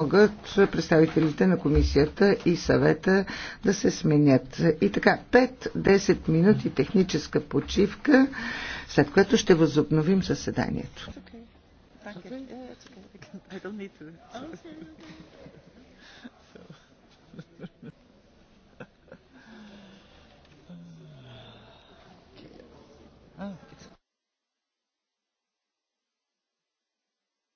могат представителите на комисията и съвета да се сменят. И така, 5-10 минути техническа почивка, след което ще възобновим заседанието. Oh, it's